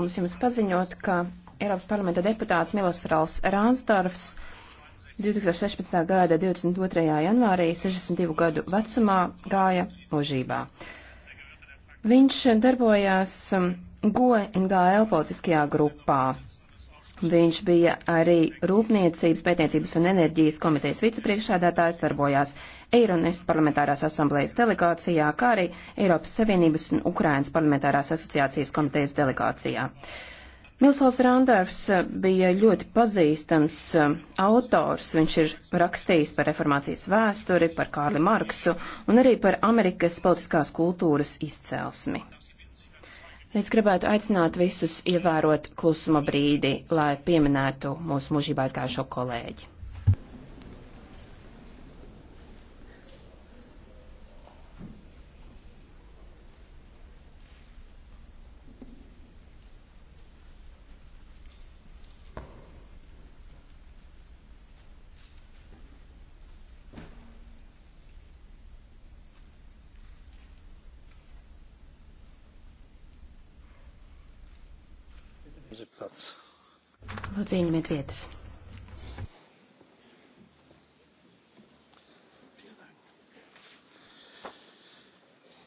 Mums jums paziņot, ka Eiropas parlamenta deputāts Miloslavs Rānsdorfs 2016. gada 22. janvārī 62 gadu vecumā gāja mūžībā. Viņš darbojās GOE NGL politiskajā grupā. Viņš bija arī Rūpniecības, Pētniecības un enerģijas komitejas vicepriekšādātājs, darbojās Eironest parlamentārās asamblējas delegācijā, kā arī Eiropas Savienības un Ukrainas parlamentārās asociācijas komitejas delegācijā. Milsons Randārs bija ļoti pazīstams um, autors. Viņš ir rakstījis par reformācijas vēsturi, par Kārli Marksu un arī par Amerikas politiskās kultūras izcelsmi. Es gribētu aicināt visus ievērot klusuma brīdi, lai pieminētu mūsu mūžībā aizgājušo kolēģi. Lūdzu, ieņemiet vietas.